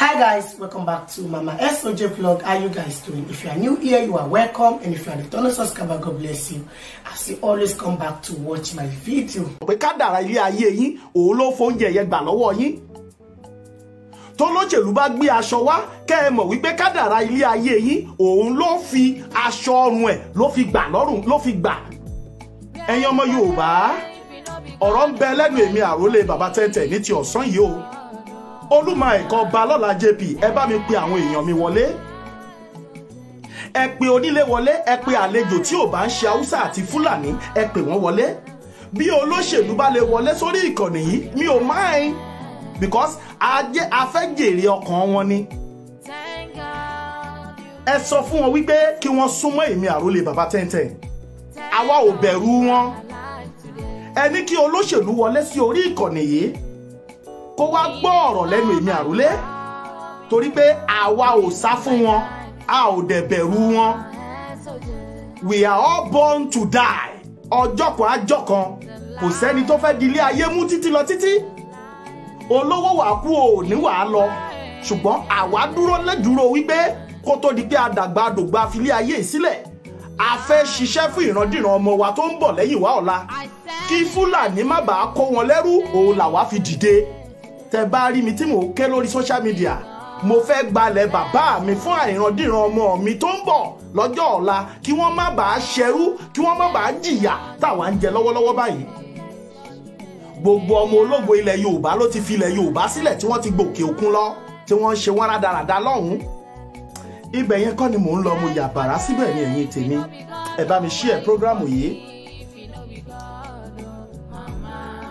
hi guys welcome back to mama soj vlog how you guys doing if you are new here you are welcome and if you are the returning subscriber god bless you as you always come back to watch my video. pé kádàrá ilé ayé yín òun ló fóúnjẹ yẹn gbà lọ́wọ́ yín tó lóṣèlú bá gbé aṣọ wá kẹ́ ẹ mọ̀ wípé kádàrá ilé ayé yín òun lo fi aṣọ ọrùn ẹ̀ ló fi gbà lọ́rùn ló fi gbà ẹ̀yin ọmọ yorùbá ọ̀rọ̀ ń bẹ lẹ́nu èmi àrólé bàbá tẹ́ntẹ́ ti ọ̀sán yìí o olúmọ ẹ̀kọ́ balọ́la jp ẹ bá mi pe àwọn èèyàn mi wọlé ẹ pe onílé wọlé ẹ pe àlejò tí ò bá ń ṣe haúsá àti fúlàní ẹ pè wọ́n wọlé bí olóṣèlú bá lè wọlé sórí ìkànnì yìí mi ò máa because ajé afẹ́jèrè ọkàn wọn ni ẹ sọ fún wọn wípé kí wọ́n súnmọ́ èmi àrólé bàbá tẹ́ntẹ́n àwa ò bẹ̀rù wọn ẹ ní kí olóṣèlú wọlé sí orí ìkànnì yìí kó wá gbọ́ ọ̀rọ̀ lẹ́nu èmi àrólé torí pé àwa ò sá fún wọn a ò dẹ̀ bẹ̀rù wọn we are all born to die ọjọ́ kan ajọ́ kan kò sẹ́ni tó fẹ́ di ilé ayé mú títí lọ títí olówó wàá kú ò ní wàá lọ ṣùgbọ́n àwa dúró lẹ́dúró wípé kó tó di pé àdàgbà àdògbà filé ayé ìsílẹ̀ a fẹ́ ṣiṣẹ́ fún ìrandíran ọmọ wa tó ń bọ̀ lẹ́yìn wa ọ̀la kí fúlàní má bàa kó wọn lẹ́rú òun làwa fi dìde tẹ bá rí mi tí mò ń ké lórí social media mo fẹ́ gbalẹ̀ bàbá mi fún àìrandíran ọmọ mi tó ń bọ̀ lọ́jọ́ ọ̀la kí wọ́n má bàa ṣẹrú kí wọ́n má bàa jìyà táwa ń jẹ lọ́wọ́lọ́wọ́ báyìí gbogbo ọmọ ológo ilẹ̀ yorùbá ló ti fi ilẹ̀ yorùbá sílẹ̀ tí wọ́n ti gòkè òkun lọ tí wọ́n ń ṣe wọ́n rádaràda lọ́hùn-ún ibẹ̀ yẹn kọ́ ni mò ń lọ mo yà bàrá síbẹ̀ ní ẹ̀yìn tèmi ẹ bá mi share program yìí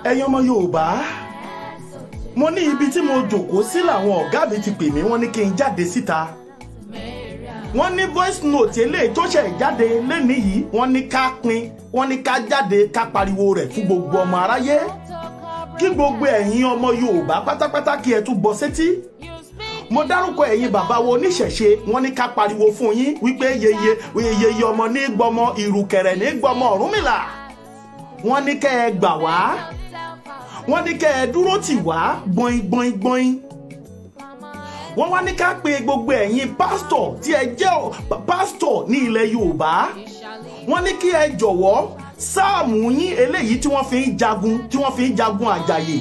ẹ̀yin ọmọ yorùbá mo ní ibi tí mo jókòó sí làwọn ọ̀gá mi ti pè mí wọ́n ní kí n jáde síta wọ́n ní voice note eléyìí tó ṣẹ̀ jáde lẹ́nìí yìí wọ́n ní ká pín wọ́n ní ká jáde ká pariwo rẹ̀ fún gbogbo ọmọ aráyé kí gbogbo ẹ̀yin ọmọ Yorùbá pátápátá kí ẹ tún gbọ́ sétí mo dárúkọ ẹ̀yin bàbá wo oníṣẹ̀ṣe wọ́n ní ká pariwo fún yín wípé yeye yeye ọmọ ní gbọmọ ìrùkẹ̀rẹ̀ ní gbọmọ Ọ̀rúnmìlà wọ́n ní kẹ́ ẹ gbà wá wọ́n ní kẹ́ ẹ dúró tì wá gbọ̀n gbọ̀n gbọ̀n wọ́n wá ní ká pe gbogbo ẹ̀yin pásítọ̀ tí ẹ jẹ́ pásítọ̀ ní ilẹ̀ Yorùbá wọ́n ní kí ẹ jọ̀wọ́ sáàmù yín eléyìí tí wọ́n fi ń jagun tí wọ́n fi ń jagun àjàyè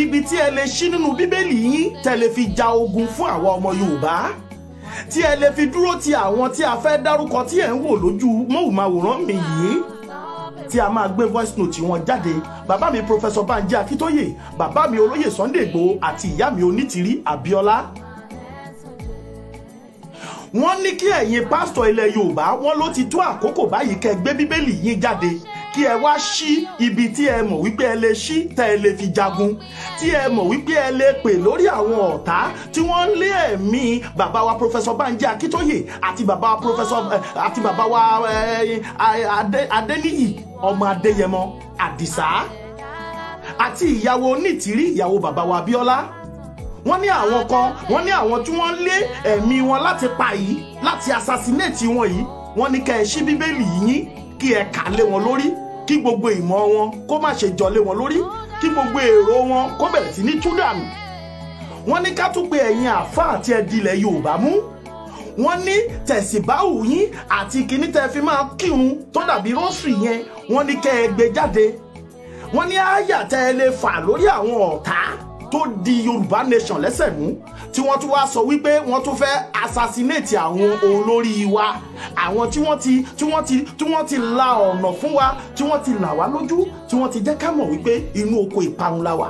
ibi tí ẹ lè ṣí nínú bíbélì yín tẹ́ fi ja ogun fún àwa ọmọ Yorùbá tí ẹ lè fi dúró ti àwọn tí a fẹ́ dárúkọ tí ẹ ń wò lójú mọ́wùmáwòrán mi yìí tí a máa gbé voice note wọn jáde bàbá mi professor banji akitoye bàbá mi olóyè sunday igbòho àti ìyá mi onítìrí abiola wọ́n ní kí ẹ̀yin pásítọ̀ ilẹ̀ yorùbá wọ́n ló ti tó àkókò báyìí kẹ́ gbé bíbélì yín jáde kí ẹ wá ṣí ibi tí ẹ mọ̀ wípé ẹ lè ṣí tẹ́ ẹ lè fi jagun tí ẹ mọ̀ wípé ẹ lè pè lórí àwọn ọ̀tá tí wọ́n lé ẹ̀mí bàbá wa Professor Banji Akitoye àti bàbá wa Professor eh, àti bàbá wa eh, Adeniyi ọmọ Adéyẹmọ Àdìsá àti ìyàwó onítìrí ìyàwó bàbá wa Abíọ́lá wọ́n ní àwọn kan wọ́n ní àwọn tí wọ́n lé ẹ̀mí wọn láti pa yìí láti assassinate wọn yìí wọ́n ní kẹ́ ẹ ṣí bíbélì yín kí ẹ kà lé wọn lórí kí gbogbo ìmọ̀ wọn kó má ṣe jọ lé wọn lórí kí gbogbo èrò wọn kó bẹ̀rẹ̀ sí ní túdànù wọ́n ní ká tún pé ẹ̀yin àfa àti ẹ̀dílẹ̀ Yorùbá mú wọ́n ní tẹ̀síbáwù yín àti kíní tẹ́ fi máa kírun tó dàbí rọ́ọ̀sì yẹn wọ́n ní kẹ́ ẹ gbé jáde wọ́n ní àyà tẹ́ ẹ lè fà lórí àwọn ọ̀tá tó di yorùbá nation lẹ́sẹ̀ mú tí wọ́n tún wá sọ wípé wọ́n tún fẹ́ assassinate àwọn olórí wa àwọn tí wọ́n ti tí wọ́n ti tí wọ́n ti la ọ̀nà fún wa tí wọ́n ti là wá lójú tí wọ́n ti jẹ́ ká mọ̀ wípé inú oko ìparun la wà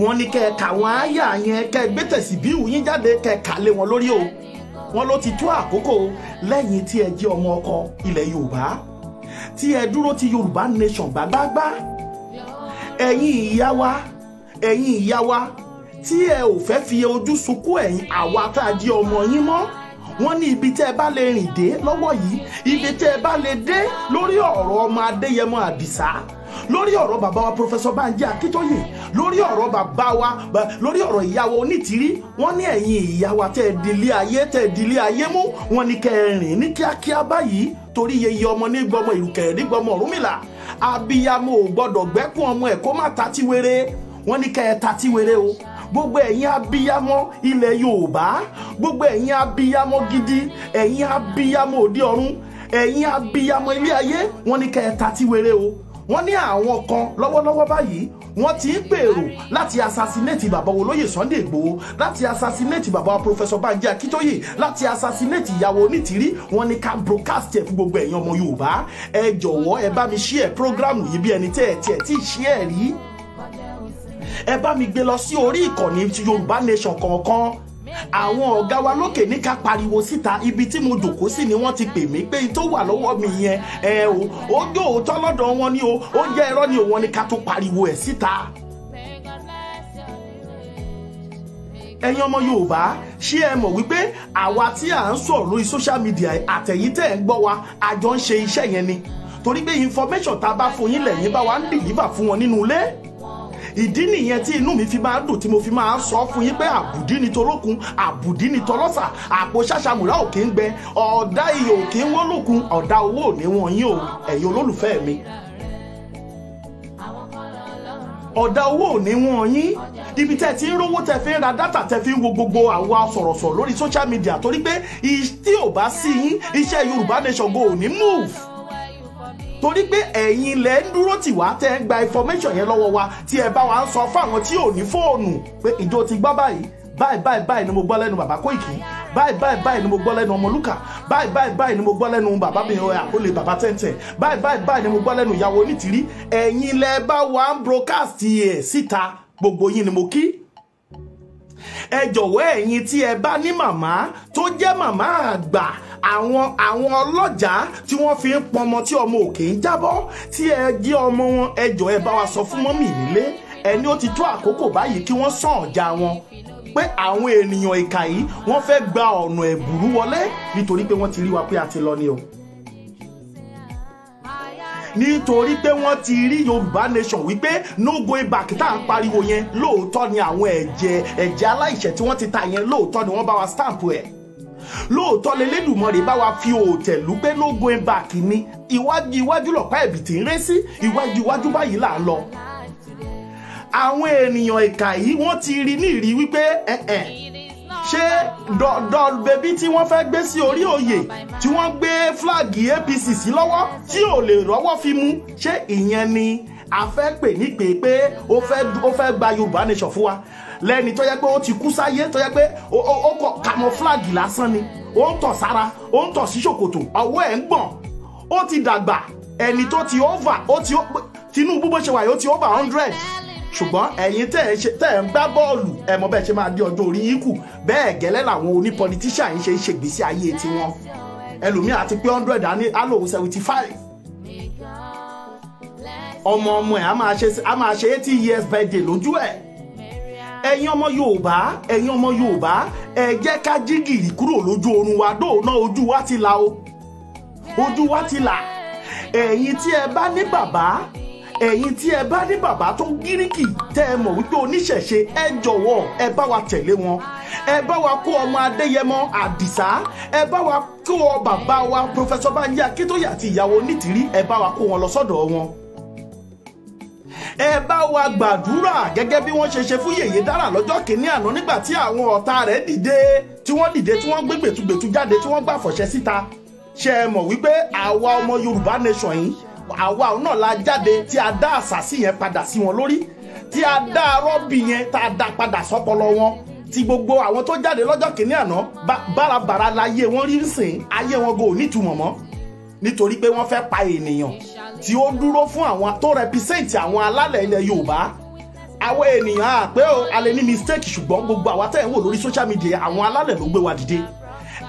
wọ́n ní kẹ́ ka àwọn àyà yẹn kẹ́ gbé tẹ̀síbíù yín jáde kẹ́ kà lé wọn lórí o wọ́n ló ti tó àkókò lẹ́yìn tí ẹ jẹ́ ọmọ ọkọ ilẹ̀ yorùbá tí ẹ dúró ti yorùbá nation gbágbágbá ẹ̀yin ìyá wa ẹ̀yin ìyá wa tí ẹ ò fẹ́ fi ojú sunkún ẹ̀yin àwa tá a jẹ́ ọmọ yín mọ́ wọ́n ní ibi tẹ́ ẹ bá lè rìn dé lọ́wọ́ yìí ibi tẹ́ ẹ bá lè dé lórí ọ̀rọ̀ ọmọ adéyẹmọ àdìsá lórí ọ̀rọ̀ bàbá wa pòfẹ́sọ̀ bánjí akíntóyè lórí ọ̀rọ̀ bàbá wa lórí ọ̀rọ̀ ìyá wa onítìrí wọ́n ní ẹ̀yin ìyá wa tẹ́ ẹ dilé ayé tẹ́ ẹ dilé ayé mú wọ́n ní kẹ́ ẹ rìn ní kíákíá báyìí torí yeye ọmọ ní gbọmọ ìrùkẹ̀rẹ̀ ní gbọmọ ọ̀rúnmìlà abiyamọ ò gbọdọ̀ gbẹ́kún ọmọ ẹ̀ kó má ta ti wéré wọ́n ní kẹ́ ẹ ta tí wéré o gbogbo ẹ̀yin abiyamọ ilẹ̀ Yorùbá gbogbo ẹ̀yin abiyamọ gidi ẹ̀yin abiyamọ òde ọ̀run ẹ̀yin abiyamọ ilé ayé wọ́n ní kẹ́ ẹ ta tí wéré o wọ́n ní àwọn kan lọ́wọ́lọ́wọ́ báyìí wọ́n ti ń gbèrò láti assassinate bàbá olóyè Sunday Igboho láti assassinate bàbá professor Banji Akitoye láti assassinate ìyàwó onítìrí wọ́n ní ká broadcast ẹ̀ fún gbogbo ẹ̀yin ọmọ Yorùbá ẹ jọ̀wọ́ ẹ bá mi share program yìí bí ẹni tẹ́ ẹ tiẹ̀ tí ì share rí ẹ bá mi gbé lọ sí orí ìkànnì ti yorùbá nation kọ̀ọ̀kan àwọn ọ̀gá wa lókè ní ká pariwo síta ibi tí mo jòkó sí ni wọ́n ti pè mí pé tó wà lọ́wọ́ mi yẹn ẹ o ó jó òótọ́ lọ́dọ̀ wọn ni o ó jẹ́ irọ́ ni òun ni ká tó pariwo ẹ̀ síta. ẹ̀yin ọmọ yorùbá ṣé ẹ mọ̀ wípé àwa tí à ń sọ̀rọ̀ lórí social media àtẹ̀yìn tẹ̀ ń gbọ́ wa àjọ ń ṣe iṣẹ́ yẹn ni torí pé information tá a bá fún yín lẹ́yìn bá wa ń dìlíbà fún wọn nínú ilé ìdí nìyẹn tí inú mi fi máa dùn tí mo fi máa sọ fún yín pé àbùdí ni tolókun àbùdí ni tọlọ́sà àpò ṣàṣàmùlá ò kí ń gbẹ ọ̀dà iyọ̀ ò kí ń wọ́lùkun ọ̀dà owó ò ní wọ̀nyí o ẹ̀yin olólùfẹ́ mi ọ̀dà owó ò ní wọ́n yín ibi tẹ́ ti ń rówó tẹ́ fi ń ra dátà tẹ́ fi ń wo gbogbo àwa sọ̀rọ̀sọ̀rọ̀ lórí social media torí pé tí ò bá sí yín iṣẹ́ Yorùbá Nation go ò ní move torí pé ẹ̀yin lẹ ń dúró tì wá tẹ́ ń gba information yẹn lọ́wọ́ wa tí ẹ bá wa ń sọ fáwọn tí ò ní fóònù pé ìjọ ti gbọ́ báyìí báyìí báyìí báyìí ni mo gbọ́ lẹ́nu bàbá Kóìkì báyìí báyìí báyìí ni mo gbọ́ lẹ́nu Ọmọlúkà báyìí báyìí báyìí ni mo gbọ́ lẹ́nu bàbá mi olè bàbá tẹ́ntẹ́n báyìí báyìí báyìí ni mo gbọ́ lẹ́nu ìyàwó onítìrí ẹ̀yin lẹ bá wa ń broadcast ẹ̀ síta gbogbo yín ni mo kí ẹ jọ̀wọ́ ẹ̀yin tí ẹ bá ní màmá tó jẹ́ màmá àgbà àwọn àwọn ọlọ́jà tí wọ́n fi ń pọnmọ tí ọmọ òkè ń jábọ́ tí ẹ jẹ́ ọmọ wọn ẹ jọ̀ọ́ ẹ bá wa sọ fún mọ́mì nílé ẹni ó ti tó àkókò báyìí kí wọ́n san ọjà wọn pé àwọn ènìyàn ìkà yìí wọ́n fẹ́ gba ọ̀nà ẹ̀bùrú wọlé nítorí pé wọ́n ti rí wa pé a ti lọ ni o nítorí pé wọ́n ti rí yorùbá nation wípé no go back tá à ń pariwo yẹn lóòótọ́ ni àwọn ẹ̀jẹ̀ ẹ̀jẹ̀ aláìṣẹ̀ tí wọ́n ti ta yẹn lóòótọ́ ni wọ́n bá wa stamp ẹ̀ lóòótọ́ lélẹ́dùnmọ́rẹ́ bá wa fi òòtẹ̀ lúpẹ́ lógun ẹ̀bà kìíní iwájú iwájú lọ̀pá ẹ̀bìtì ń ré sí iwájú iwájú báyìí là ń lọ. àwọn ènìyàn ìkà yìí wọ́n ti rí ní ìrí wípé ẹ̀ẹ̀ ṣé dọ́ọ̀l bẹ́bí tí wọ́n fẹ́ gbé sí orí oyè tí wọ́n gbé fúláàgì APC sí lọ́wọ́ tí ò lè rọ́wọ́ fi mú ṣé ìyẹn ni a fẹ́ pè nípe pé ó fẹ́ ó fẹ́ gba yorùbá nation fún wa lẹ́ni tó yẹ pé ó ti kú sáyé tó yẹ pé ó kọ camouflage lásán ni ó ń tọ̀ sára ó ń tọ̀ sí ṣòkòtò ọwọ́ ẹ̀ ń gbọ̀n ó ti dàgbà ẹni tó ti over ó ti Tinubu bó ṣe wà yìí ó ti over hundred ṣùgbọ́n ẹ̀yin tẹ̀ ẹ̀ ń gbá bọ́ọ̀lù ẹ̀ mọ̀ bẹ́ẹ̀ ṣe máa dé ọjọ́ orí yín kù bẹ́ẹ̀ gẹ́lẹ́ làwọn onípọlitíṣà yìí ṣe ń ṣègbésí ayé tiwọn ẹlòmíà ti pé hundred á ní á lòun seventy five ọmọ ọmọ ẹ̀ a máa ṣe eighty years birthday lójú ẹ̀ ẹ̀yin ọmọ Yorùbá ẹ̀yin ọmọ Yorùbá ẹ jẹ́ ká jí gìrì kúrò lójú oorun wa dóòna ojú wa ti là o ojú wa ti là ẹ̀yin tí ẹ bá ní bàbá ẹ̀yin tí ẹ bá ní bàbá tó gíríkì tẹ́ ẹ mọ̀ wípé oníṣẹ̀ṣe ẹ jọ̀wọ́ ẹ bá wa tẹ̀lé wọn ẹ bá wa kó ọmọ adéyẹmọ àdìsá ẹ bá wa kó ọ bàbá wa pòfẹsọ bánjí akíntóyè àti ìyàwó nítìrí ẹ bá wa kó wọn lọ sọ́dọ̀ wọn ẹ bá wa gbàdúrà gẹ́gẹ́ bí wọ́n ṣe ṣe fún yèyé dára lọ́jọ́ kìíní àná nígbà tí àwọn ọ̀tá rẹ̀ dìde tí wọ́n dìde tí wọ́n gbé gbètúgbètú jáde tí wọ́n gbà fọ̀ṣẹ́ síta ṣe é mọ̀ wípé àwa ọmọ Yorùbá nation yìí àwa náà la jáde tí a dá àṣàsí yẹn padà sí wọn lórí tí a dá rọ́bì yẹn tá a dá padà sọ́pọlọ wọn ti gbogbo àwọn tó jáde lọ́jọ́ kìíní àná bárabàra láyé wọn rí sìn ayé wọn go nítumọ̀ mọ́ nítorí pé wọ́n fẹ́ pa ènìyàn tí ó dúró fún àwọn tó represent àwọn alálẹ̀ ilẹ̀ Yorùbá àwọn ènìyàn àpé o a lè ní mistake ṣùgbọ́n gbogbo àwa tẹ̀ ń wò lórí social media àwọn alálẹ̀ ló gbé wa dìde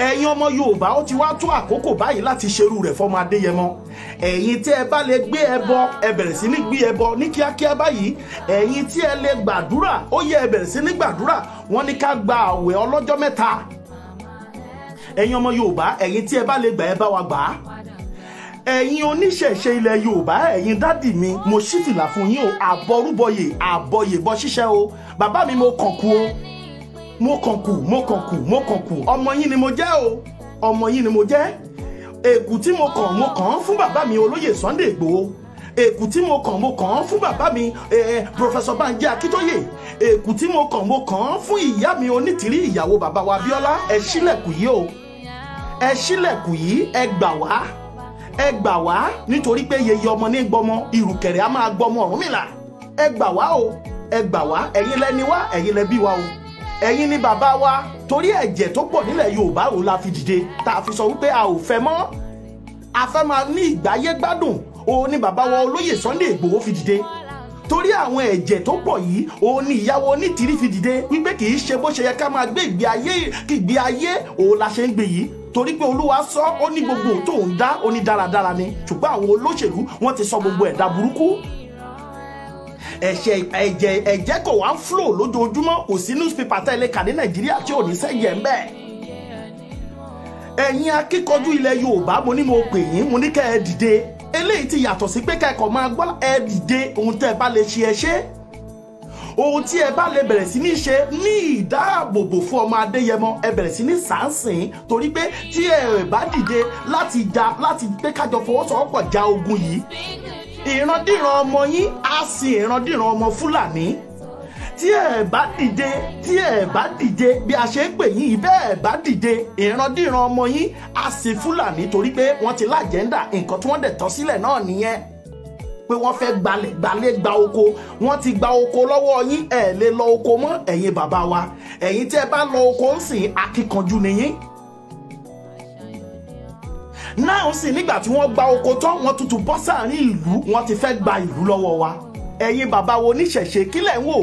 ẹ̀yin ọmọ Yorùbá ó ti wá tó àkókò báyìí láti ṣerú rẹ̀ fọmọ Adéyẹmọ ẹ̀yin tí ẹ bá lè gbé ẹbọ ẹ bẹ̀rẹ̀ sí ní gbé ẹbọ ní kíákíá báyìí ẹ̀yin tí ẹ lè gbàdúrà ó yẹ ẹ bẹ̀rẹ̀ sí ní gbàdúrà wọ́n ní ká gba àwẹ̀ ọlọ́jọ́ mẹ́ta ẹ̀yin ọmọ Yorùbá ẹ̀yin tí ẹ bá lè gbà ẹ bá wa gbà á ẹ̀yin oníṣẹ̀ṣe ilẹ̀ Yorùbá ẹ̀yin dádì mi mo ṣí fìlà fún yín o àbọrúbọyè àbọyèbọ ṣíṣẹ́ o bàbá mi mo kàn kú o mo kàn kú mo kàn kú mo kàn kú ọmọ yín ni mo jẹ́ o ọmọ yín ni mo jẹ́ èkú tí mo kàn mo kàn án fún bàbá mi olóyè Sunday Ìgbòho èkú tí mo kàn mo kàn án fún bàbá mi Professor Banji Akíntóyè èkú tí mo kàn mo kàn án fún ìyá mi onítìrí ìyàwó bàbá wa Abíọ́lá ẹ ṣílẹ̀kùn yìí o ẹ ṣílẹ̀kùn yìí ẹ gbà wá ẹ gbà wá nítorí pé yeye ọmọ ní gbọmọ ìrùkẹ̀rẹ̀ á máa gbọmọ Ọ̀rúnmìlà ẹ gbà wá o ẹ gbà wá ẹ̀yin lẹ́ni wá ẹ̀yin lẹ́bí wa o ẹ̀yin ni bàbá wa torí ẹ̀jẹ̀ tó pọ̀ nílẹ̀ Yorùbá o la fi dìde tá a fi sọ wípé a ò fẹ́ mọ́ a fẹ́ máa ní ìgbáyé gbádùn o ní bàbá wa olóyè Sunday Ìgbòho fi dìde torí àwọn ẹ̀jẹ̀ tó pọ̀ yìí òun ni ìyàwó onítìrí fi dìde wípé kì í ṣe bó ṣe yẹ ká máa gbé ìgbé ayé òun la ṣe ń gbé yìí torí pé olúwa sọ ó ní gbogbo tó ń dá ó ní dáradára ni ṣùgbọ́n àwọn olóṣèlú wọ́n ti sọ gbogbo ẹ̀dá burúkú ẹ̀ṣẹ̀ ẹ̀jẹ̀ ẹ̀jẹ̀ kò wá ń flow lójoojúmọ́ kò sí newspaper tẹ́lẹ̀ kà ní nàìjíríà tí ò ní sẹ́yẹ̀ ń bẹ́ẹ̀ ẹ̀yin akíkanjú ilẹ̀ yorùbá mo ní mo pè yín mo ní kẹ́ ẹ dìde eléyìí ti yàtọ̀ sí pé kẹ́kọ̀ọ́ máa gbọ́ ẹ dìde ohun tẹ́ ẹ bá lè ṣe ẹ ṣe ohun tí ẹ bá lè bẹ̀rẹ̀ sí ní ṣe ní ìdáàbòbò fún ọmọ adéyẹmọ ẹ bẹ̀rẹ̀ sí ní sàǹsìn torí pé tí ẹ bá dìde láti ja láti pé kájọ fọwọ́sowọ́pọ̀ ja ogun yìí ìrandíran ọmọ yín á sin ìrandíran ọmọ fúlàní tí ẹ bá dìde tí ẹ bá dìde bí a ṣe ń pè yín bẹ́ ẹ bá dìde ìrandíran ọmọ yín á sin fúlàní torí pé wọ́n ti lájẹ́ńdà nǹkan tí wọ́n dẹ̀ tọ́ sílẹ̀ náà nìyẹn pé wọ́n fẹ́ gbalẹ̀ gbalẹ̀ gba oko wọ́n ti gba oko lọ́wọ́ yín ẹ̀ lè lọ oko mọ́ ẹ̀yin bàbá wa ẹ̀yin tẹ́ ẹ bá lọ oko ń sìn akíkanjú nìyín náà sì nígbà tí wọ́n gba oko tán wọ́n tutù bọ́ sáàrin ìlú wọ́n ti fẹ́ gba ìlú lọ́wọ́ wa ẹ̀yin bàbá wo oníṣẹ̀ṣe kílẹ̀ ń wò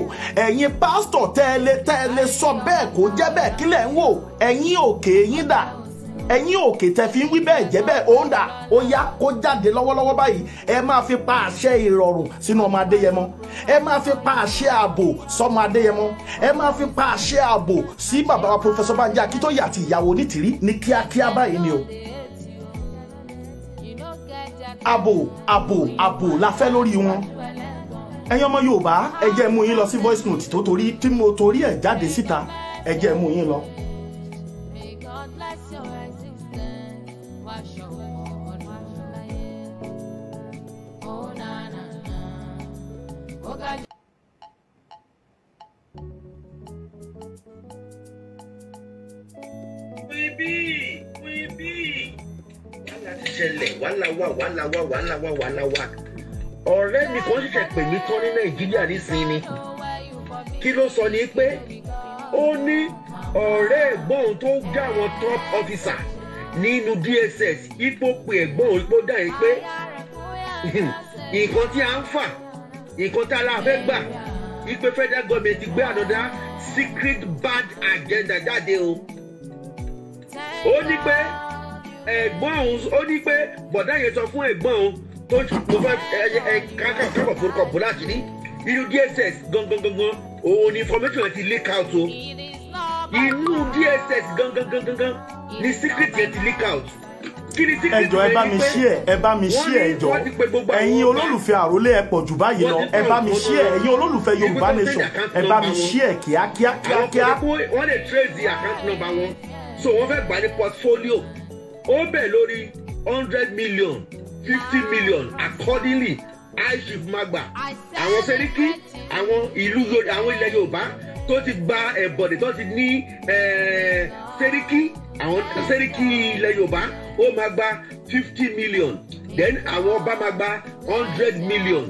ẹ̀yin pásítọ̀ tẹ́ ẹ lè tẹ́ ẹ lè sọ bẹ́ẹ̀ kó jẹ́ bẹ́ẹ̀ kílẹ̀ ń wò ẹ̀yin òkè yín dà ẹ̀yin òkè tẹ́ fi ń wí bẹ́ẹ̀ jẹ́ bẹ́ẹ̀ ó ń dà ó yá kó jáde lọ́wọ́lọ́wọ́ báyìí ẹ máa fi pa àṣẹ ìrọ̀rùn sínú ọmọ adéyẹmọ ẹ máa fi pa àṣẹ ààbò sọmọ adéyẹmọ ẹ máa fi pa àṣẹ ààbò sí bàbá wa pòfẹsọ banjẹ akíntóyè àti ìyàwó onítìrí ní kíákíá báyìí ni o ààbò ààbò ààbò la fẹ́ lórí wọn ẹ̀yin ọmọ yorùbá ẹ jẹ́ mú yín lọ sí voice note tó torí tí mo torí ẹ̀ jáde síta ẹ jẹ́ mú yín lọ. ṣẹlẹ̀ wàhálàwà wàhálàwà wàhálàwà wàhálàwà ọ̀rẹ́ mi kan ṣẹ̀ṣẹ̀ pè mí tán ní nàìjíríà nísìnyí ni kí ló sọ ni pé ó ní ọ̀rẹ́ ẹ̀gbọ́n tó já àwọn top officer nínú DSS ipò pé ẹ̀gbọ́n òyìnbó dà yìí pé nǹkan tí a ń fà nǹkan tá a la fẹ́ gbà ipe federal government gbé ànádá secret bad agenda jáde o ó ní pé ẹ̀gbọ́n òun ó ní pé bọ̀dá yẹn sọ fún ẹ̀gbọ́n òun tó mo fẹ́ kákọ̀ forúkọ bò láti rí inú DSS gangan òun ni information yẹn ti leak out o inú DSS gangan gangan gangan ni secret yẹn ti leak out ẹjọ ẹ bá mi ṣí ẹ ẹ bá mi ṣí ẹ ẹjọ ẹ̀yin olólùfẹ́ àrólé ẹ pọ̀ jù báyìí lọ ẹ bá mi ṣí ẹ ẹ̀yin olólùfẹ́ Yorùbá nation ẹ bá mi ṣí ẹ kíákíá kíákíá. àwọn ọkọ̀ ẹ̀kọ́ wọ́n lè trace the account number wọn so wọ́n fẹ́ gbà ní portfolio ó bẹ̀ lórí hundred million fifty million accordingly aishif magba àwọn sẹ́ríkì àwọn ìlú àwọn ilẹ̀ yorùbá tó ti gba ẹ̀bọ̀dẹ̀ tó ti ní sẹ́ríkì àwọn sẹ́ríkì ilẹ̀ yorùbá ó máa gba fifty million then àwọn ọba máa gba hundred million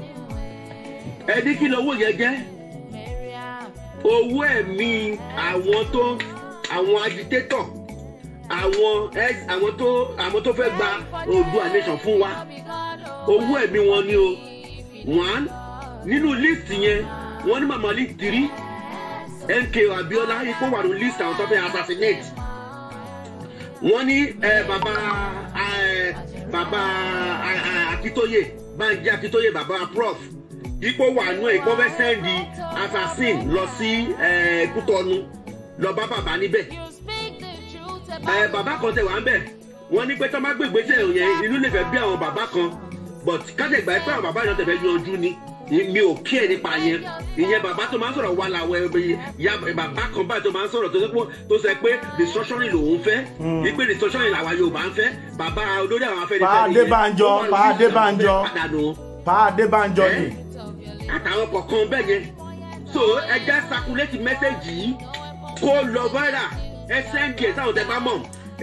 ẹni kí lówó yẹn jẹ́ owó ẹ̀mí àwọn tó àwọn agitator àwọn àwọn tó àwọn tó fẹ́ gba Oòduà nation fún wa owó ẹ̀mí wọn ni o one nínú list yẹn wọ́n ní màmá list three MKO Abiola ikú wà ní list àwọn tó fẹ́ assassinate wọ́n ní bàbá bàbá Akitoye Banji Akitoye bàbá prof ipò wà nù ẹ̀ kó fẹ́ sẹ́ndì assassin lọ sí Kútọ́nù lọ bá bàbá níbẹ̀ ẹ bàbá kan tẹ wà ń bẹ̀ wọ́n ní pé tó má gbègbè tẹ̀ yẹn inú lè fẹ́ bí àwọn bàbá kan but káṣẹ̀ gbà pé àwọn bàbá yẹn tẹ̀fẹ́ yanjú ni mi ò kí ẹ nípa yẹn ìyẹn bàbá tó máa ń sọ̀rọ̀ wà láwọ ya bàbá kan báyìí tó máa ń sọ̀rọ̀ tó sọ pé restructuring lòun fẹ́ hmm. wípé restructuring làwa Yorùbá ń fẹ́ bàbá olórí àwọn afẹ́nifẹ́re yẹn pa Adébánjọ pa Adébánjọ ni. àtàwọn kọ̀ọ̀kan bẹ́ẹ̀ yẹn so ẹ já sakuléètì mẹ́sẹ̀gì yìí kó lọ viral ẹ sẹ́ǹdì ẹ̀ táwọn tẹ bá mọ̀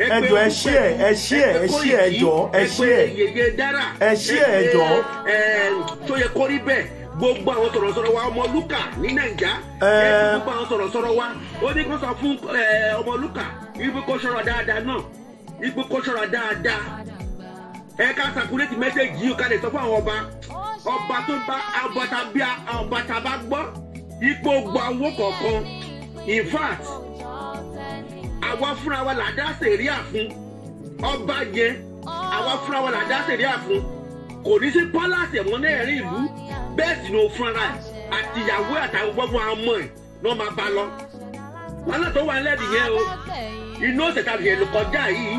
ẹjọ ẹ ṣí ẹ ẹ ṣí ẹ ẹ ṣí ẹ jọ ẹ ṣí ẹ ẹ ṣí ẹ jọ. tó yẹ kó rí bẹ́ẹ̀ gbogbo àwọn sọ̀rọ̀sọ̀rọ̀ wa ọmọ lúkà ní nàìjà gbogbo àwọn sọ̀rọ̀sọ̀rọ̀ wa ó ní kó sọ fún ọmọ lúkà ibi kó ṣọ́ra dáadáa náà ibi kó ṣọ́ra dáadáa ẹ ká sàkúrẹ́tì mẹ́sẹ̀gì yìí ká lè sọ fún àwọn ọba ọba tó bá ọba tàbí ọba tàbá gbọ́ ipò gbọ́ àwọn kọ̀ọ̀kan in fact àwa fúnra wa là dá sẹ̀ríà fún ọba yẹn àwa fúnra wa là dá sẹ̀ríà fún kò ní sí pálásì ẹ̀wọ̀n lẹ́ẹ̀rín ìlú bẹ́ẹ̀ sì ni òfin ara ẹ̀ àti ìyàwó àtàwọn gbọ́gbọ́n àwọn ọmọ ẹ̀ ni wọ́n máa bá lọ. wàhálà tó wà lẹ́ẹ̀dì yẹn o iná ọ̀sẹ̀ tàbí ẹ̀ ló kọjá yìí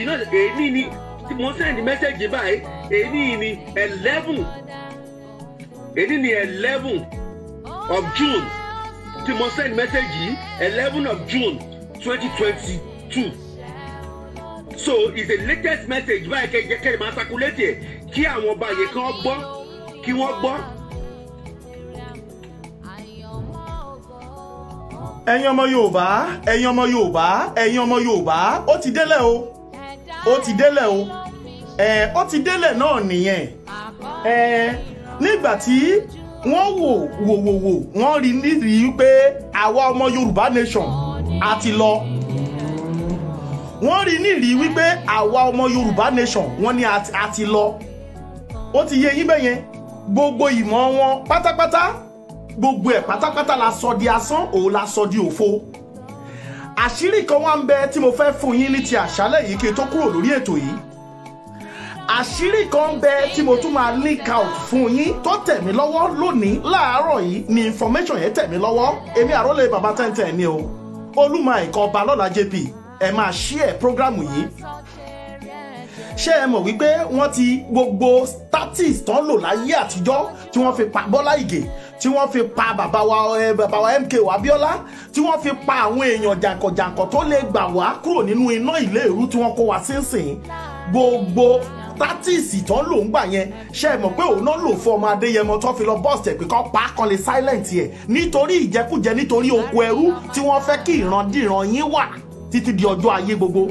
iná ọ̀sẹ̀ èyí ni tí mo send message báyìí èyí ni eleven èyí ni eleven of June tí mo send message yìí eleven of June 2022 so it's the latest message báyìí kẹjẹ kẹjẹ máa sakulétì ẹ kí àwọn ọba yẹn kan gbọ́ kí wọ́n gbọ́. ẹ̀yin ọmọ Yorùbá ẹ̀yin ọmọ Yorùbá ẹ̀yin ọmọ Yorùbá ó ti délẹ̀ o ó ti délẹ̀ o ẹ̀ ó ti délẹ̀ náà nìyẹn ẹ̀ nígbà tí wọ́n wò wò wò wò wọ́n rí nídìí pé àwa ọmọ Yorùbá nation a ti lọ wọ́n rí nírìí wípé àwa ọmọ Yorùbá nation wọ́n ní a ti lọ ó ti yé yín bẹ́yẹn gbogbo ìmọ̀ wọn pátápátá gbogbo ẹ̀ pátápátá la sọ di asán òun la sọ di òfo àṣírí kan wá ń bẹ tí mo fẹ́ fún yín ní ti àṣálẹ̀ yìí kí n tó kúrò lórí ètò yìí àṣírí kan ń bẹ tí mo tún máa leak out fún yín tó tẹ̀ mí lọ́wọ́ lónìí láàárọ̀ yìí ni information yẹn tẹ̀ mí lọ́wọ́ èmi àrólé bàbá tẹ́ntẹ́n ni o olúmọ ẹ̀kọ́ ọba lọ́la jp ẹ máa share prógrámù yìí ṣé ẹ mọ̀ wípé wọ́n ti gbogbo status tán lò láyé àtijọ́ tí wọ́n fi pa Bọ́lá Ìgè tí wọ́n fi pa bàbá wa ẹ bàbá wa MKO Abíọ́lá tí wọ́n fi pa àwọn èèyàn jàǹkànjàǹkàn tó lè gbà wá kúrò nínú iná ìléèrú tí wọ́n kó wa sínsìn gbogbo tactics tó ń lò ń gbà yẹn ṣe é mọ̀ pé òun náà lò fún ọmọ adéyẹmọ tó fi lọ bọ́ọ̀sì ẹ̀ pé kọ́ pa kan lè silent yẹ nítorí ìjẹkújẹ nítorí oko ẹrú tí wọ́n fẹ́ kí ìrandíran yín wà títí di ọjọ́ ayé gbogbo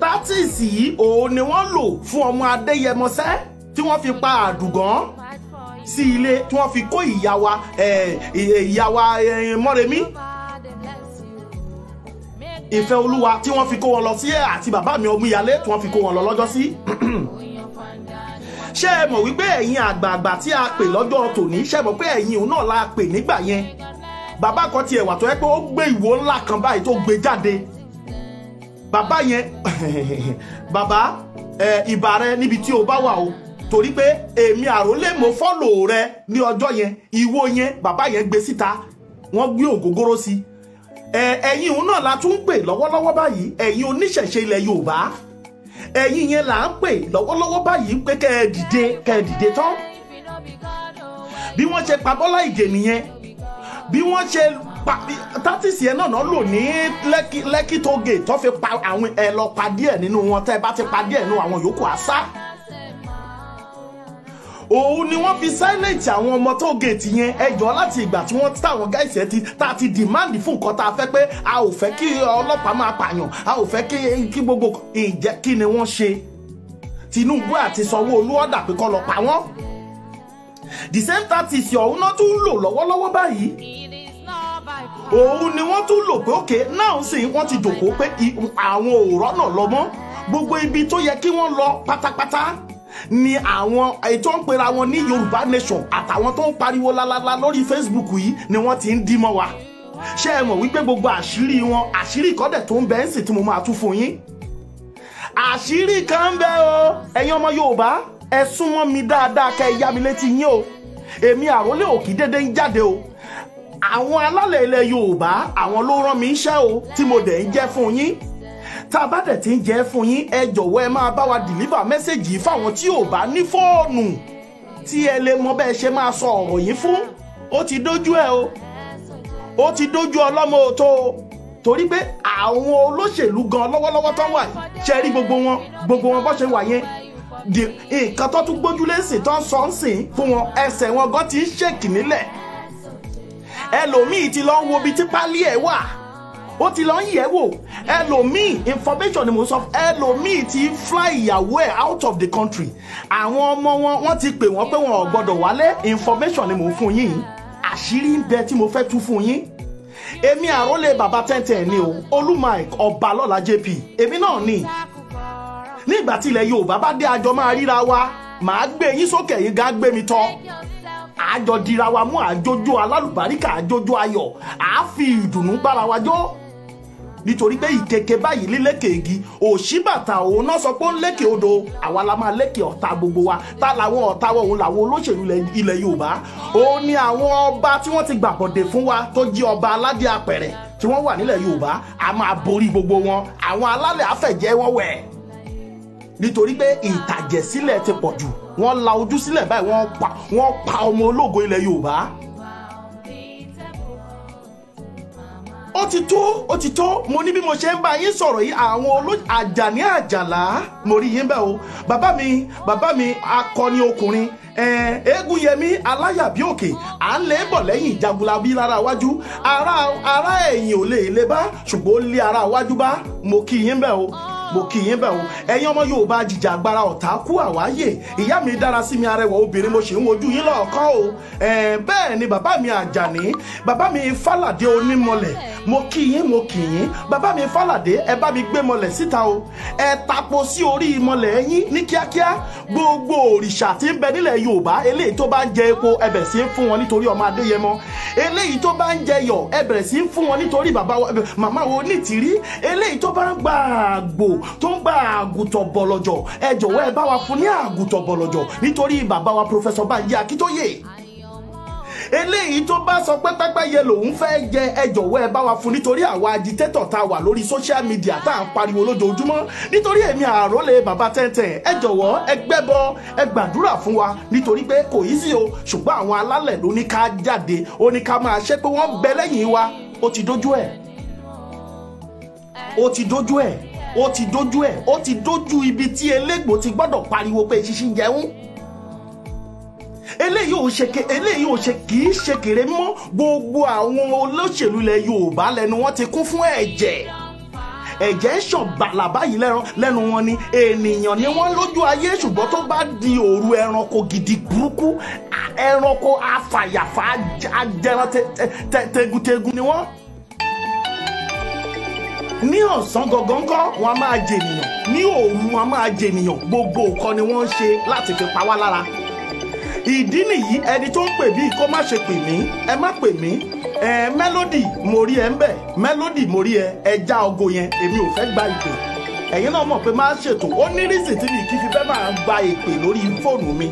tactics yìí òun ni wọ́n lò fún ọmọ adéyẹmọ sẹ́ tí wọ́n fi pa àdùgán sí ilé tí wọ́n fi kó ìyá wa ìyá ìfẹ́ olúwa tí wọ́n fi kó wọn lọ sí àti bàbá mi omíyalé tí wọ́n fi kó wọn lọ lọ́jọ́ sí. ṣé ẹ mọ̀ wípé ẹ̀yin àgbààgbà tí a pè lọ́jọ́ tòní ṣé ẹ mọ̀ pé ẹ̀yin òun náà la pè nígbà yẹn bàbá kan tiẹ̀ wà tó yẹ pé ó gbé ìwò ńlá kan báyìí tó gbé jáde bàbá yẹn bàbá ìbà rẹ níbi tí o bá wà o torí pé èmi àrólé mo fọ́lò rẹ ní ọjọ́ yẹn ìwo yẹn bàbá yẹn gbé síta wọ́n gbé ògógóró ẹ̀yin òun náà la tún ń pè lọ́wọ́lọ́wọ́ báyìí ẹ̀yin oníṣẹ̀ṣe ilẹ̀ Yorùbá ẹ̀yin yẹn là ń pè lọ́wọ́lọ́wọ́ báyìí pé kẹ́ ẹ dìde kẹ́ ẹ dìde tán bí wọ́n ṣe pa Bọ́lá Ìgè nìyẹn bí wọ́n ṣe pa tátìsì yẹn náà lò ní Lẹ́kì Lẹ́kì tóge tó fi pa àwọn ẹ̀ lọ pa díẹ̀ nínú wọn tẹ́ bá ti pa díẹ̀ nínú àwọn yòókù àṣà òun ni wọ́n fi silence àwọn ọmọ tó géètì yẹn ẹjọ́ láti ìgbà tí wọ́n táwọn gáìsì ẹ̀ ti tá a ti demand fún nǹkan tá a fẹ́ pé a ò fẹ́ kí ọlọ́pàá máa pààyàn a ò fẹ́ kí gbogbo ìjẹ́ kí ni wọ́n ṣe Tinubu àti Sanwó-Olú ọ̀dà pé kọ́ lọ pa wọ́n the same tactics ọ̀hún náà tún lò lọ́wọ́lọ́wọ́ báyìí òun ni wọ́n tún lò pé òkè náà sì wọ́n ti dòkó pé àwọn òòrọ̀ náà lọ mọ́ gbogbo ibi tó yẹ kí wọ́n lọ pátápátá ni àwọn ètò ń pera wọn ní yorùbá nation àtàwọn tó ń pariwo lálálá lórí facebook yìí ni wọ́n ti ń dí mọ́ wa ṣé ẹ mọ̀ wípé gbogbo àṣírí wọn àṣírí ìkọ́dẹ̀ tó ń bẹ ń sì tí mo máa tún fún yín àṣírí kan ń bẹ o ẹ̀yin ọmọ yorùbá ẹ sún mọ́ mi dáadáa kẹ́ ẹ yá mi létí yín o èmi àrólé òkì dédé ń jáde o àwọn alálẹ̀ ilẹ̀ yorùbá àwọn ló rán mi iṣẹ́ o tí mo dẹ̀ ń jẹ́ fún yín tá a bá dẹ̀ ti ń jẹ́ fún yín ẹ jọ̀wọ́ ẹ máa bá wa deliver message yìí fáwọn tí ò bá ní fóònù tí ẹ lè mọ bẹ́ẹ̀ ṣe máa sọ ọ̀rọ̀ yìí fún ó ti dójú ẹ o ó ti dójú ọlọ́mọ òótọ́ o torí pé àwọn olóṣèlú gan lọ́wọ́lọ́wọ́ tán wà ṣe rí gbogbo wọn gbogbo wọn bó ṣe wà yẹn nǹkan tó tún gbójúlé sìn tán sọ ń sìn fún wọn ẹsẹ̀ wọn gan ti ń ṣèkì nílẹ̀ ẹlòmíì ti lọ ń wo ibi tí pálí ẹ̀ wà ó ti lọ ń yẹ̀ wò ẹlòmíì information ni mo sọ ẹlòmíì ti fly ìyàwó ẹ̀ out of the country àwọn ọmọ wọn wọ́n ti pè wọ́n pé wọn ò gbọ́dọ̀ wálé information ni mo fún yín àṣírí ń bẹ tí mo fẹ́ tú fún yín èmi àrólé bàbá tẹ́ntẹ́n ni o olúmọ ọba lọ́la jp èmi náà ni nígbà tí ilẹ̀ yorùbá bá dé àjọ máa ríra wa màá gbé yín sókè yín gá gbé mi tọ́ àjọ dira wa mú àjọjọ alálùbáríkà àjọjọ ayọ̀ àá fi ìdùnnú bára wa jó nítorí pé ìkeke báyìí lílékè igi òṣìbàtà òun náà sọ pé ó ń lékè odò àwa la máa lékè ọ̀tá gbogbo wa ta làwọn ọ̀tá wa òun làwọn olóṣèlú ilẹ̀ yorùbá òun ni àwọn ọba tí wọ́n ti gbàbọ̀dè fún wa tó jí ọba aládé apẹ̀rẹ̀ tí wọ́n wà nílẹ̀ yorùbá a máa borí gbogbo wọn àwọn alálẹ̀ afẹ̀jẹ́ wọn wẹ̀ nítorí pé ìtàjẹ̀sílẹ̀ ti pọ̀ jù wọ́n la ojú sílẹ̀ báyìí wọ́n pa ọmọ ológo ilẹ̀ yorùbá ó ti tó ó ti tó mo ní bí mo ṣe ń bá yín sọ̀rọ̀ yìí àwọn àjàní àjàlá mo rí yín bẹ́ẹ̀ o bàbá mi bàbá mi akọni ọkùnrin eégún yẹmí aláyàbí òkè à ń lè bọ̀ lẹ́yìn jagunlabi lára iwájú ara ara ẹ̀yìn ò lè lè bá ṣùgbọ́n ó lé ara iwájú bá mo kí yín bẹ́ẹ̀ o mo kì í bẹ̀ o ẹ̀yin ọmọ Yorùbá jìjà agbára ọ̀tá kú àwáyè ìyá mi dára sí mi arẹwà obìnrin mo ṣe ń wojú yín lọ́ọ̀kọ́ o bẹ́ẹ̀ ni bàbá mi àjàní bàbá mi fàlàdé onímọ̀lẹ̀ mo kì í mo kì í bàbá mi fàlàdé ẹ bá mi gbé mọ̀lẹ̀ síta o ẹ tapo sí orí mọ̀lẹ̀ yín ní kíákíá gbogbo òrìṣà tí ń bẹ nílẹ̀ Yorùbá eléyìí tó bá ń jẹ epo ẹ bẹ̀rẹ̀ sí ń fún wọn nítorí ọmọ Adéyẹmọ eléyìí tó bá ń jẹ yọ̀ ẹ sí ń fún wọn nítorí màmá wo nítìrí eléyìí tó bá ń gbàgbò tó ń gba àgùntàn bọ̀lọ̀jọ̀ ẹ jọ̀wọ́ ẹ bá wa fún ní àgùntàn bọ̀lọ̀jọ̀ nítorí bàbá wa pòfẹ́sọ̀ Bánjí Akíntóyè eléyìí tó bá sọ pé pẹ́pẹ́yẹ lòun fẹ́ jẹ ẹ jọ̀wọ́ ẹ bá wa fún nítorí àwa agitator tá wà lórí social media tá à ń pariwo lójoojúmọ́ nítorí èmi àròlé bàbá tẹ́ntẹ́n ẹ jọ̀wọ́ ẹ gbẹ́bọ ẹ gbàdúrà fún wa nítorí pé kò yí sí o ṣùgbọ́n àwọn alálẹ̀ ló ní ká jáde ó ní ká máa ṣe pé wọ́n bẹ lẹ́yìn wa ó ti dójú ẹ̀ ó ti dójú ẹ̀ ó ti dójú ẹ̀ ó ti dójú ibi tí elégbò ti gbọ́dọ̀ pariwo pé ṣinṣin jẹun eléyìí ò ṣe eléyìí ò ṣe kì í ṣe kéré mọ́ gbogbo àwọn olóṣèlú ilẹ̀ Yorùbá lẹ́nu wọn ti kún fún ẹ̀jẹ̀ ẹ̀jẹ̀ ṣọ̀bàlà báyìí lẹ́ran lẹ́nu wọn ni ènìyàn ni wọ́n lójú ayé ṣùgbọ́n tó bá di òru ẹranko gidi burúkú ẹranko afàyàfà ajẹran tegutegun ni wọ́n ní ọ̀sán gangan kọ́ wọn a máa jènìyàn ní òru wọn a máa jènìyàn gbogbo nǹkan ni wọ́n ń ṣe láti fi pa wá lára ìdí nìyí ẹni tó ń pè bíi kó má ṣe pè mí ẹ má pè mí ẹ mélòdì mo rí ẹ ń bẹ mélòdì mo rí ẹ ẹ já ogo yẹn èmi ò fẹ́ gba ìpè ẹ̀yin náà mọ̀ pé máa ṣètò ó ní rísì tí mi kì í fi fẹ́ máa gba ìpè lórí fóònù mi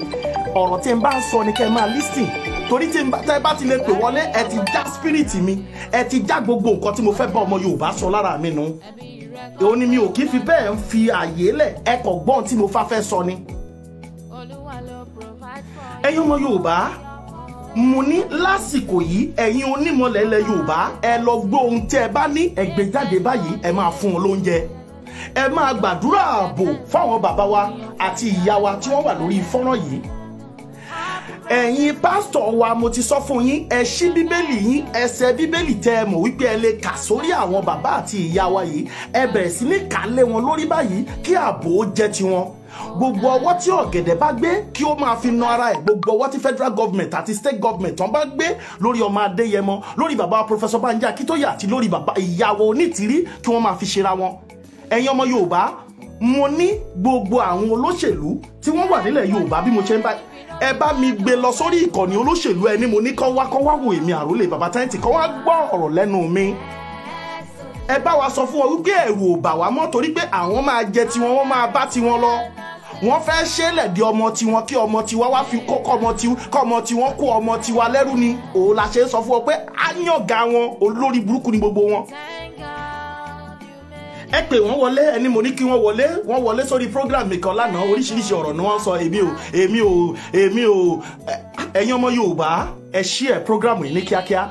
ọ̀rọ̀ tí n bá ń sọ ni kẹ́ máa lísìn torí tí ẹ bá ti lè pè wọlé ẹ ti já spirit mi ẹ ti já gbogbo nǹkan tí mo fẹ́ bá ọmọ Yorùbá sọ lára mi nu òun ni mi ò kí fi bẹ́ẹ̀ ń fi àyè lẹ̀ ẹ kò gbọ́n tí mo fa fẹ́ sọ ni. ẹ̀yin ọmọ Yorùbá mo ní lásìkò yìí ẹ̀yin onímọ̀lẹ̀ ilẹ̀ Yorùbá ẹ lọ gbọ́ ohun tí ẹ bá ní ẹgbẹ́ jáde báyìí ẹ máa fún wọn lóúnjẹ ẹ máa gbàdúrà ààbò fáwọn bàbá wa àti ìyá wa tí wọ́n wà lórí fọ́nrán yìí ẹ̀yin pásítọ̀ wa mo ti sọ fún yín ẹ ṣí bíbélì yín ẹsẹ̀ bíbélì tẹ ẹ mọ̀ wípé ẹ lè kà sórí àwọn bàbá àti ìyá wa yìí ẹ bẹ̀rẹ̀ sí ní kà lé wọn lórí báyìí kí ààbò ó jẹ́ tiwọn gbogbo ọwọ́ tí ọ̀gẹ̀dẹ̀ bá gbé kí ó máa fi na ara ẹ̀ gbogbo ọwọ́ tí federal government àti state government tán bá gbé lórí ọmọ adéyẹmọ lórí bàbá professor banja akitoya àti lórí bàbá ìyàwó onítìrí kí wọ́n máa fi ṣera wọn ẹ̀yin ọmọ yorùbá mo ní gbogbo àwọn olóṣèlú tí wọ́n wà nílẹ̀ yorùbá bí mo ṣe ń báyìí ẹ bá mi gbé lọ sórí ìkànnì olóṣèlú ẹni mo ní kán wá kán wá wo èmi àròlé bàbá táyìntì kán wá gbọ́ ọ̀rọ̀ lẹ́nu mi ẹ bá wa sọ fún wọn wípé ẹ̀rù ò bà wá mọ́ torí pé àwọn máa jẹ tiwọn wọ́n máa bá tiwọn lọ wọ́n fẹ́ ṣẹlẹ̀ di ọmọ tiwọn kí ọmọ tiwa wá fi kó kọ́mọ tiwọn tiwọn kó ọmọ tiwa lẹ́rú ni òun la ṣe ń sọ fún ọ pé á yànga wọn olórí burúkú ni gbogbo wọn ẹ pè wọ́n wọlé ẹni mo ní kí wọ́n wọlé wọ́n wọlé sórí program mi kan lánàá oríṣiríṣi ọ̀rọ̀ ni wọ́n sọ èmi ò èmi ò èmi ò ẹ̀yin ọmọ Yorùbá ẹ ṣí ẹ̀ program yìí ní kíákíá.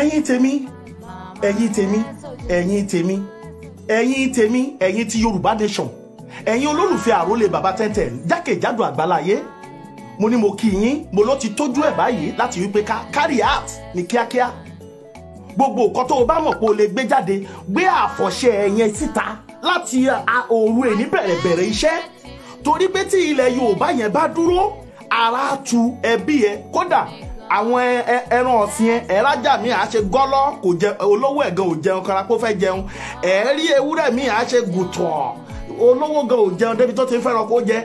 ẹ̀yin tèmi ẹ̀yin tèmi ẹ̀yin tèmi ẹ̀yin tèmi ẹ̀yin ti Yorùbá nation ẹ̀yin olólùfẹ́ àrólé bàbá tẹ́tẹ̀ jákèjádò àgbáláyé mo ní mo kí yín mo ló ti tójú ẹ̀ báyìí láti wípé ká carry out ní kíákíá gbogbo nǹkan tó o bá mọ̀ pé o lè gbé jáde gbé àfọ̀ṣẹ yẹn síta láti òru èní bẹ̀rẹ̀ bẹ̀rẹ̀ iṣẹ́ torí pé tí ilẹ̀ Yorùbá yẹn bá dúró ara tu ẹbí ẹ kódà àwọn ẹran ọ̀sìn ẹ ẹ̀rájà mi à ṣe gọ́lọ́ kò jẹ olówó ẹ̀gan ò jẹun kára pé fẹ́ jẹun ẹ̀ẹ́rí ewúrẹ́ mi à ṣe gùtọ̀ olówó gan ò jẹun débi tó ti fẹ́ràn kó jẹ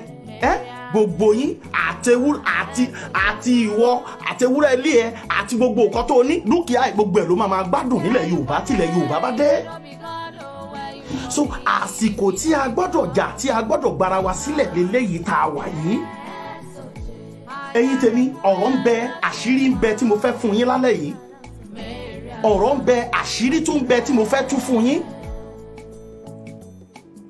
ẹ́ gbogbo yín àtewúrẹ́ àti àti ìwọ àtewúrẹ́ ilé ẹ àti gbogbo nǹkan tó ní dúkìá gbogbo ẹ̀ ló máa máa gbádùn nílẹ̀ Yorùbá tilẹ̀ Yorùbá bá dé so àsìkò tí a gbọ́dọ̀ jà tí a gbọ́dọ̀ gbara wa sílẹ̀ lélẹ́yìí tá a wà yìí ẹ̀yin tèmi ọ̀rọ̀ ń bẹ àṣírí ń bẹ tí mo fẹ́ fún yín lálẹ́ yìí ọ̀rọ̀ ń bẹ àṣírí tún ń bẹ tí mo fẹ́ tú fún yín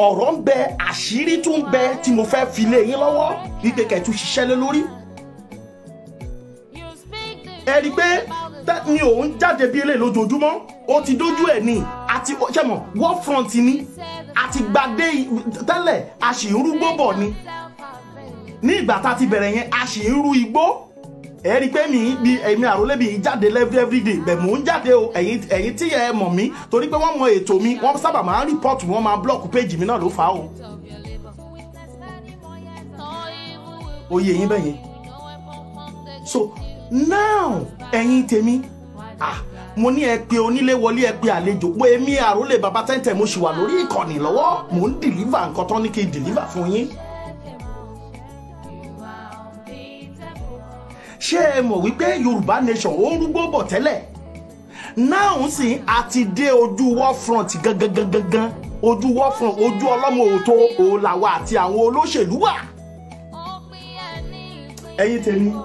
ọ̀rọ̀ ń bẹ àṣírí tún ń bẹ tí mo fẹ́ fi lé yín lọ́wọ́ wípé kẹ̀tù ṣiṣẹ́ lé lórí. ẹ pé mi ò jáde bí eléyìí lójoojúmọ́ ó ti dójú ẹ̀ ni àti ṣẹ́mọ̀ war front ni àti gbadé tẹ́lẹ̀ a sì ni ní ìgbà tá a ti bẹ̀rẹ̀ yẹn a igbó ẹ pé mi bí èmi àrólébì jáde every every day bẹ̀ mò ń jáde o ẹ̀yin ẹ̀yin tí ẹ mọ̀ mí torí pé wọ́n mọ ètò mi wọ́n sábà máa ń rìpọ́ọ̀tù wọ́n máa blọ́ọ̀kù péjì mi náà ló fà á o. oyè yín bẹ́ẹ̀ yẹn so now ẹ̀yin tèmi ah mo ní ẹ pé onílé wọlé ẹ pé àlejò pé èmi àrólé baba tẹ́ntẹ́ mo ṣì wà lórí ìkànnì lọ́wọ́ mò ń dìlíva nǹkan tán ní kí n dìlíva fún yín. ṣé ẹ mọ̀ wípé yorùbá nation ó rúgbó bọ̀ tẹ́lẹ̀ náà sì a ti dé ojú war front gangan ojú war front ojú ọlọ́mọ òótọ́ òòlàwà àti àwọn olóṣèlú wà. ẹ̀yin tèmi mò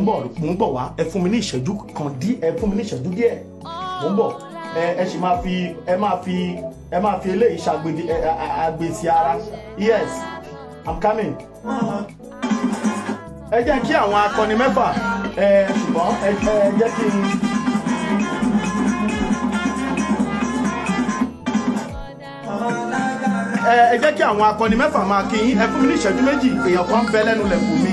ń bọ̀ mò ń bọ̀ wá ẹ fún mi ní ìṣẹ́jú kan dí ẹ fún mi ní ìṣẹ́jú díẹ̀ mò ń bọ̀ ẹ sì máa fi ẹ máa fi ẹ máa fi eléyìí ṣàgbèsì ara yes i'm coming. Uh -huh ẹ jẹ́ kí àwọn akọni mẹ́fà ẹ ṣùgbọ́n ẹ jẹ́ kí n. ẹ jẹ́ kí àwọn akọni mẹ́fà máa kí yín ẹ fún mi ní ìṣẹ́jú méjì èèyàn kan bẹ lẹ́nu lẹ̀kùn mi.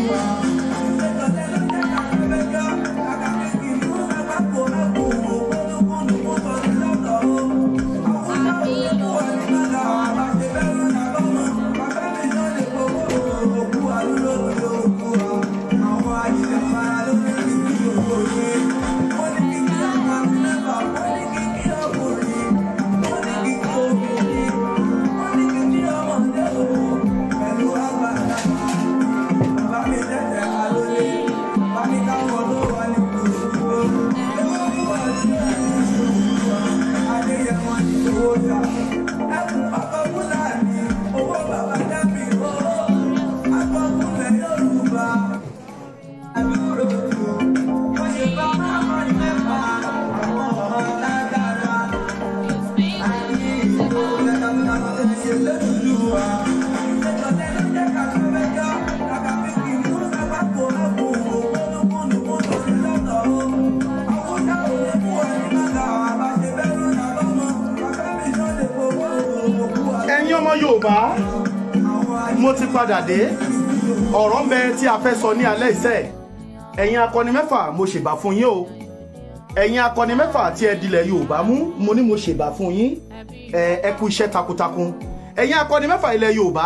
tí a fẹ́ sọ ní alẹ́ ìṣe ẹ̀yin akọni mẹ́fà mo ṣèbà fún yín o ẹ̀yin akọni mẹ́fà tí ẹ dilẹ̀ Yorùbá mú mo ní mo ṣèbà fún yín ẹ kú iṣẹ́ takuntakun ẹ̀yin akọni mẹ́fà ilẹ̀ Yorùbá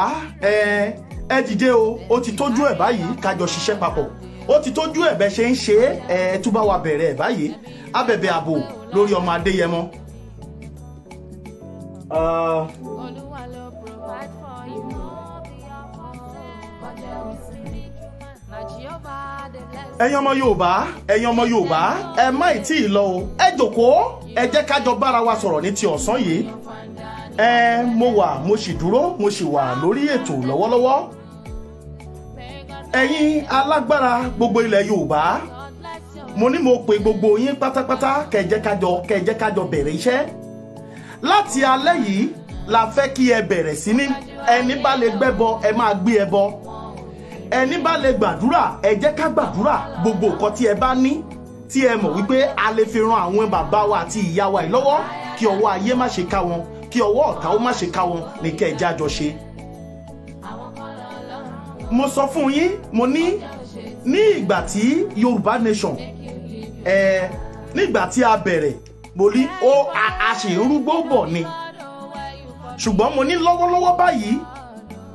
ẹ dìde o ó ti tójú ẹ̀ báyìí kájọ ṣiṣẹ́ papọ̀ ó ti tójú ẹ̀ bẹ́ ṣe ń ṣe ẹ túbá wa bẹ̀rẹ̀ ẹ̀ báyìí abẹ̀bẹ̀ ààbò lórí ọmọ Adéyẹmọ. Ah, ẹ̀yin ọmọ yorùbá ẹ̀yin ọmọ yorùbá ẹ má ì tí ì lọ o ẹ jòkóó ẹ jẹ́ ká jọ bára wa sọ̀rọ̀ ní ti ọ̀sán yìí ẹ mo wà mo sì dúró mo sì wà lórí ètò lọ́wọ́lọ́wọ́ ẹ̀yin alágbára gbogbo ilẹ̀ yorùbá mo ní mo pè gbogbo yín pátápátá kẹjẹ kájọ kẹjẹ kájọ bẹ̀rẹ̀ iṣẹ́ láti alẹ́ yìí la fẹ́ kí ẹ bẹ̀rẹ̀ sí ní ẹni bá lè gbẹ́bọ ẹ máa gbé ẹbọ. E ẹni bá lè gbàdúrà ẹ jẹ́ ká gbàdúrà gbogbo nǹkan tí ẹ bá ní tí ẹ mọ̀ wípé a lè fi ran àwọn bàbá wa àti ìyá wa yìí lọ́wọ́ kí ọwọ́ ayé má ṣe ká wọn kí ọwọ́ ọ̀tá ó má ṣe ká wọn ní kẹ́ ẹ jájọ ṣe. mo sọ fún yín mo ní ní ìgbà tí Yorùbá Nation ẹ nígbà tí a bẹ̀rẹ̀ mo ní ó a ṣe ń rúgbó bọ̀ ni ṣùgbọ́n mo ní lọ́wọ́lọ́wọ́ báyìí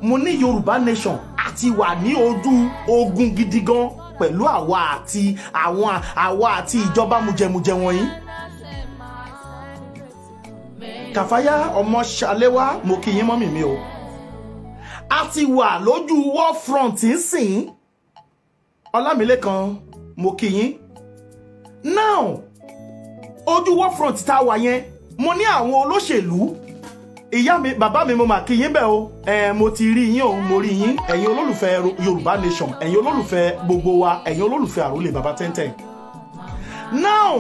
mo ní yorùbá nation àti wà ní ojú ogun gidi gan pẹ̀lú àwa àti àwọn àwa àti ìjọba mujẹmujẹ wọ̀nyí. kàfáyà ọmọ ṣàlẹ́wà mo kí yín mọ́mì mi o a ti wà lójú war front nsìn ọlámilẹ́kan mo kí yín now ojú war front tá a wà yẹn mo ní àwọn olóṣèlú ìyá mi bàbá mi mo mà kí yín bẹ́ẹ̀ o mo ti rí yín o mo rí yín ẹ̀yin olólùfẹ́ Yorùbá Nation ẹ̀yin olólùfẹ́ gbogbo wa ẹ̀yin olólùfẹ́ àrólé bàbá tẹ́ntẹ́n now